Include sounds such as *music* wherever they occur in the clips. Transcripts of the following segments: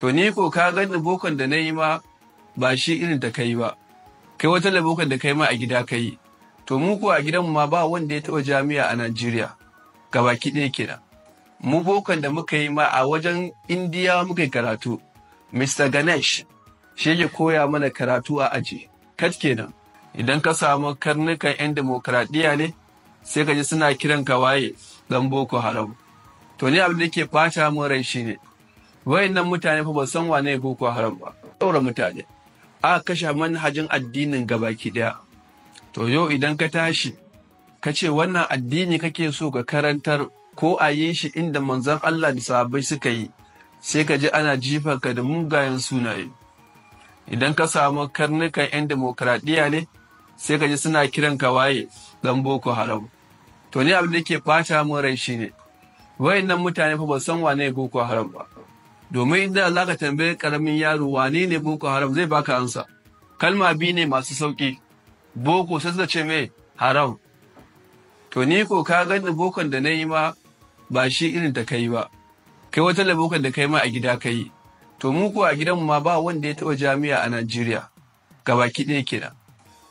To ni ko ka ga bokan da na yi ma ba shi irin ta kai ba. Kai wata bokan da kai ma a gida ka yi. To mu ko a gidanmu ma ba wanda ya taɓa jami'a a Najeriya. Gabaki ɗaya kenan. Mu bokan da muka yi ma a wajen Indiya muka yi karatu. Mr. Ganesh shi ya koya mana karatu a aji. Kat kenan. Idan ka samu karnukan 'yan demokradiyya ne, sai ka ji suna kiran ka waye Boko Haram. To ni abin da ke fata mun rai ne, wayannan mutane fa ba san wane ko haram ba daura mutane a kashe manhajin addinin gabaki daya to yau idan ka tashi ka ce wannan addini kake so ka karantar ko a yi shi inda manzon Allah da sahabbai suka yi sai ka ji ana jifarka da mugayen sunaye idan ka samu karnukan 'yan demokradiyya ne sai ka ji suna kiran ka waye dan boko haram to ne abin da ke fata mu rai shine wayannan mutane fa ba san wane boko haram ba domin idan za ka tambayi karamin yaro wane ne boko haram zai baka ansa kalma biyu ne masu sauki boko sai suka ce mai haram to ni ko ka gani bokon da na yi ma ba shi irin da kai ba kai wata bokon da kai ma a gida ka yi to mu ko a gidanmu ma ba wanda ya taba jami'a a najeriya gabaki ɗaya kenan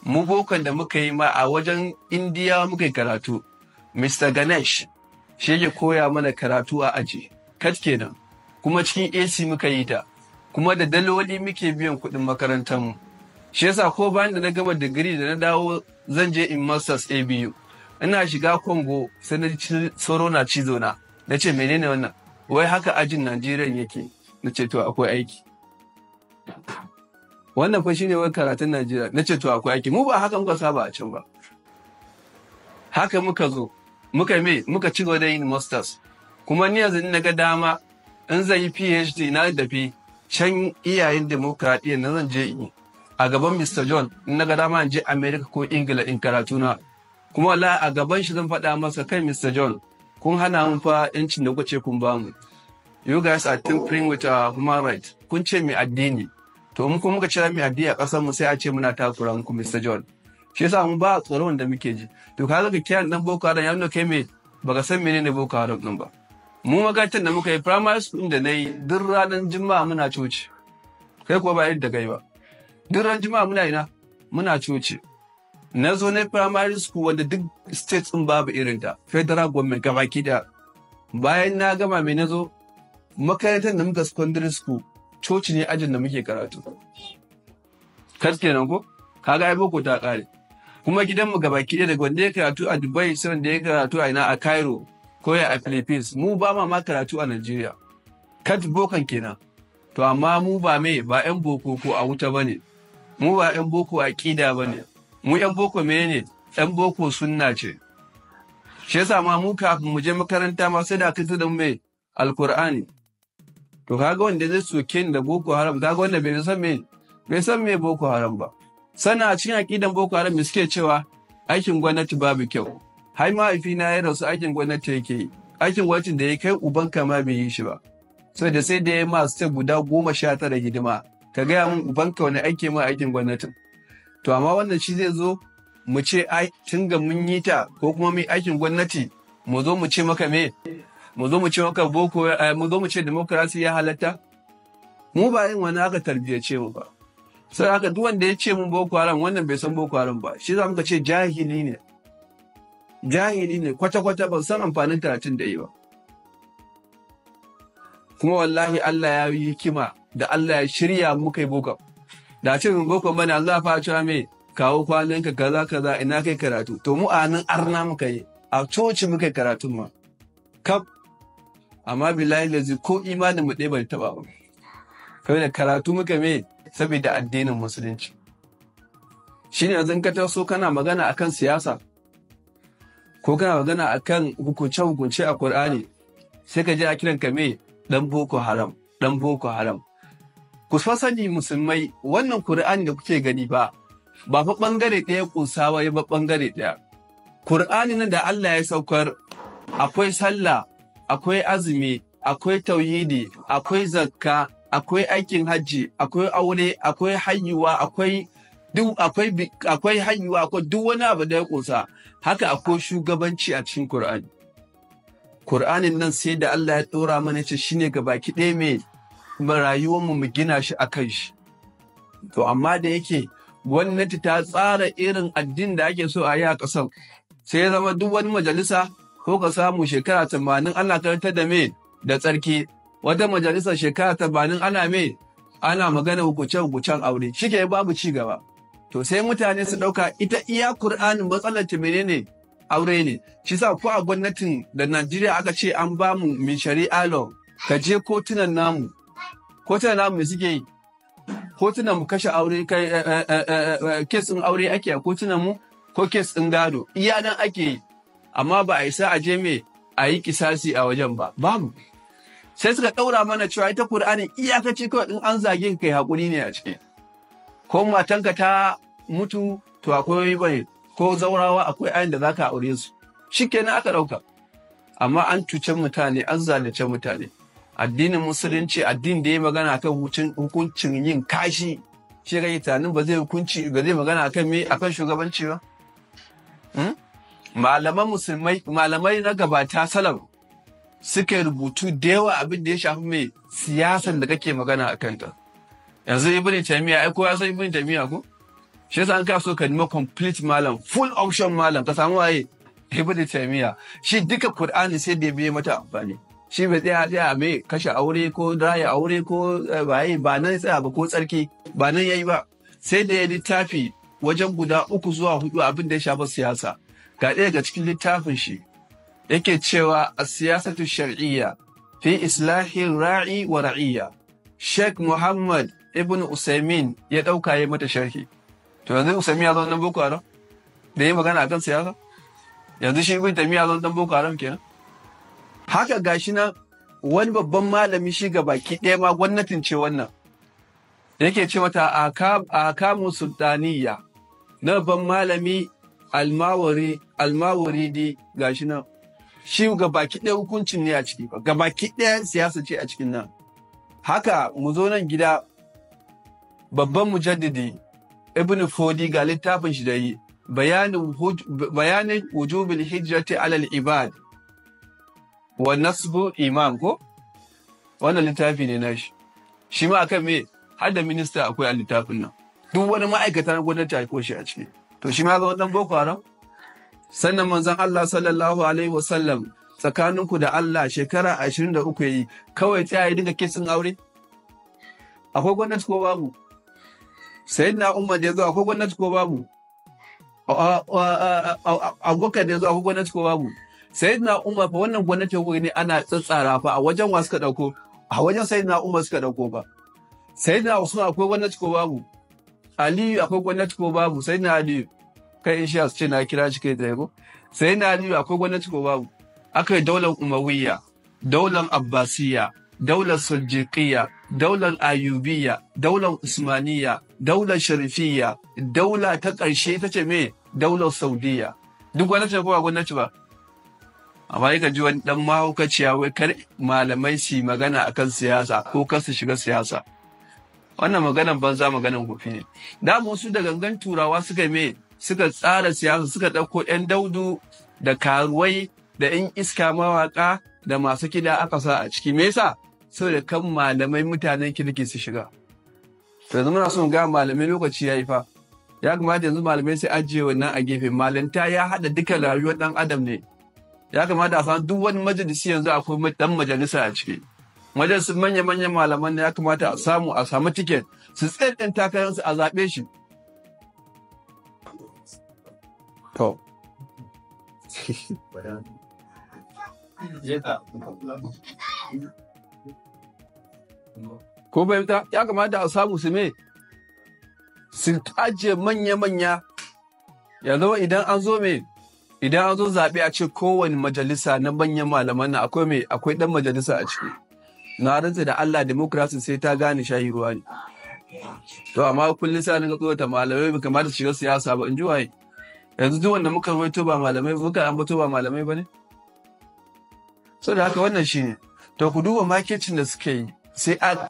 mu bokan da muka yi ma a wajen indiya muka yi karatu mr ganesh shi ya koya mana karatu a aji kat kenan kuma cikin AC muka yi ta kuma da daloli muke biyan kuɗin makarantar mu shi yasa ko bayan da na gama digiri da na dawo zan je in masters ABU ina shiga Congo sai na soro na cizo na na ce menene wannan wai haka ajin Najeriya yake na ce to akwai aiki wannan fa shine wai karatun Najeriya na ce to akwai aiki mu ba haka muka saba a can ba haka muka zo muka me muka ci gaba da yin masters kuma ni yanzu na ga dama in zai yi phd na dafi can iyayen demokradiyyar na zan je in a gaban mr john in na ga dama in je Amerika ko ingila in karatu na kuma la a gaban shi zan faɗa masa kai mr john kun hana mun fa yancin da kuce kun ba mu you guys are tinkering with our human rights kun ce mai addini to mu kuma muka cira mai addini a ƙasar mu sai a ce muna takura muku mr john shi yasa mu ba tsoron da muke ji to ka ga kiyan dan boko haram ya nuna kai mai baka san menene boko haram din ba mu makarantar da muka yi primary school da na yi duk ranar juma'a muna coci kai kuwa ba yadda da ba duk ranar juma'a muna na muna coci na zo na primary school wanda duk states din babu irin ta federal government gabaki da bayan na gama mai na zo makarantar da muka secondary school coci ne ajin da muke karatu kas kenan ko kaga ai boko ta kare kuma gidanmu gabaki ɗaya daga wanda ya karatu a Dubai sai da ya karatu a ina a Cairo koya a Philippines mu ba ma ma karatu a Najeriya. Kat bokan kenan. To amma mu ba me ba ƴan boko ko a wuta ba Mu ba ƴan boko a ƙida ba Mu ƴan boko menene? ƴan boko sunna ce. Shi yasa ma mu kafin mu je makaranta ma sai da kanta da mu mai Alƙur'ani. To kaga wanda zai soke ni da Boko Haram kaga wanda bai san me bai san me Boko Haram ba. Sana cikin aƙidan Boko Haram suke cewa aikin gwamnati babu kyau. Hai, mahaifina ya rasu aikin gwamnati yake yi aikin wacin da ya kai uban kama bai yi shi ba da sai da ya ma step guda goma sha tara hidima ka gaya min uban ka wani aiki ma aikin gwamnatin to amma wannan shi zai zo mu ce ai tun ga mun yi ta ko kuma mun aikin gwamnati mu zo mu ce maka me mu zo mu ce maka boko eh, mu zo mu ce demokrasi ya halatta mu ba yin wani haka tarbiyyace mu ba sai haka duk wanda ya ce mun boko haram wannan bai san boko haram ba shi za mu ce jahili ne jahili ne kwata-kwata ban san amfanin karatun da yi ba kuma wallahi Allah ya yi hikima da Allah ya shirya muka yi boko da ce mun boko bane Allah fa cewa me kawo kwanan ka kaza kaza ina kai karatu to mu a nan arna muka yi a coci muka yi karatun ma kaf amma billahi lazi ko imanin mu ɗaya bai taɓa ba kawai da karatu muka me saboda addinin musulunci Shin yanzu ka taso kana magana akan siyasa ko kana magana kan hukunce-hukunce a Kur'ani sai ka je a kiran ka me dan Boko Haram dan Boko Haram ku sani musulmai wannan Kur'ani da kuke gani ba ba fa bangare ɗaya kusa ba ya ba bangare ɗaya Kur'ani nan da Allah ya saukar akwai sallah akwai azumi akwai tauhidi akwai zakka akwai aikin hajji akwai aure akwai haihuwa akwai duk akwai hanyuwa akwai duk wani abu da ya ƙunsa haka akwai shugabanci a cikin Kur'ani. Kur'anin nan sai da Allah ya ɗora mana ce shi ne baki ɗaya mai rayuwarmu mu gina shi a kan shi. To amma da yake gwamnati ta tsara irin addin da ake so a yi a ƙasar sai ya zama duk wani majalisa ko ka samu shekara tamanin ana da me da tsarki wata majalisa shekara tamanin ana me ana magana hukucen hukucen aure ke babu ci gaba. To sai mutane su ɗauka ita iya Kur'anin matsalar ta menene aure ne. Shi sa ko a gwamnatin da Najeriya aka ce an ba mu min shari'a law ka je kotunan namu. Kotunan namu suke yi. Kotunan mu kashe aure kai kes eh, eh, eh, ɗin aure ake a kotunan mu ko kes ɗin gado. Iya nan ake yi. Amma ba a isa a je me a yi kisasi a wajen ba. Babu. sai suka ɗaura mana cewa ita Kur'ani iyakaci kawai in an zage kai haƙuri ne a ciki. Ko matanka ta mutu to akwai bane ko zaurawa akwai ayin da zaka aure su shikenan aka ɗauka amma an cuce mutane an zalace mutane addinin musulunci addin da ya magana kan hukuncin yin kashi shi ga tunanin ba zai hukunci ba zai magana kan me akan shugabanci ba hmm? malaman musulmai malamai na gabata salam suka rubutu da yawa abin da ya shafi mai siyasan da kake magana a kanta yanzu ibn taymiya ai ko ya san ibn taymiya ko shi yasa an ka so ka nima complete malam full option malam ka samu waye ibn taymiya shi duka Kur'ani sai da biye mata amfani shi bai tsaya tsaya mai kashe aure ko raya aure ko eh, waye ba nan tsaya ba ko tsarki ba nan yayi ba sai da ya littafi wajen guda uku zuwa hudu abin da ya shafa siyasa ga ɗaya ga cikin littafin shi yake cewa a siyasatu shar'iyya fi islahin ra'i wa ra'iyya Sheikh Muhammad Ibn Usaimin ya ɗauka ya mata sharhi. to yanzu Usaimin ya zama dan Boko Haram da yi magana akan siyasa yanzu shi Ibn Taymiyyah ya zama dan Boko Haram kenan haka gashi na, wani babban malami shi ga baki ɗaya ma gwamnatin ce wannan yake ce mata a kamu sultaniya na babban malami almawari di gashi nan shi ga baki ɗaya hukuncin ne a ciki ba ga baki ɗaya siyasa ce a cikin nan haka mu zo nan gida babban mujaddidi ibn fodi ga littafin shi da yi bayanin wujubin hijrati alal ibad wa nasbu imam ko wannan littafi ne na shi Shi ma akan me har da minista akwai a littafin nan duk wani ma'aikata na gwamnati a koshi a ciki to shi ma ga wannan boko haram sannan manzon Allah sallallahu alaihi wasallam tsakaninku da Allah shekara ashirin da uku yayi kawai sai ya dinga kisan aure akwai gwamnati ko babu na umar da ya zo akwai gwamnati ko babu abubakar da ya zo akwai gwamnati ko babu na umar fa wannan gwamnati ko ne ana tsatsara fa a wajen wa suka dauko a wajen na umar suka dauko ba na usman akwai gwamnati ko babu aliyu akwai gwamnati ko babu na aliyu kai insha su ce na kira shi kai tsaye sai na aliyu akwai gwamnati ko babu akai daular umawiyya daular abbasiyya daular suljiqiyya daular ayubiyya daular usmaniyya daular Sharifiya, daula ta ƙarshe ta ce me daular saudiya duk wani ce kowa gwamnati ba amma yakan ji wani dan mahaukaciya wai kar malamai su magana a kan siyasa ko kar su shiga siyasa wannan maganan banza maganan gofi ne da su da gangan turawa suka me suka tsara siyasa suka ɗauko 'yan daudu da karuwai da 'yan iska mawaƙa da masu kida aka sa a ciki me yasa saboda kan malamai mutanen kirki su shiga to yanzu muna son ga malamai lokaci ya yi fa ya kamata yanzu malamai sai ajiye wannan a gefe malanta ya haɗa duka rayuwar ɗan adam ne ya kamata a san duk wani majalisi yanzu akwai ɗan majalisa a ciki majalisun manya-manyan malaman ne ya kamata a samu a samu tiket su tsaye takararsu a zaɓe shi to Yeah. *laughs* ko fahimta ya kamata a samu su me su ajiye manya-manya ya zama idan an zo me idan an zo zaɓe a ce kowane majalisa na manyan malaman na akwai me akwai ɗan majalisa a ciki na rantsa da Allah demokrasi sai ta gane shayi ruwa ne to amma kullum sai an ga tsota malamai bai kamata su shiga siyasa ba in ji waye yanzu duk wanda muka rawaito ba malamai muka ambato ba malamai ba ne saboda haka wannan shine to ku duba marketing da suke yi sai a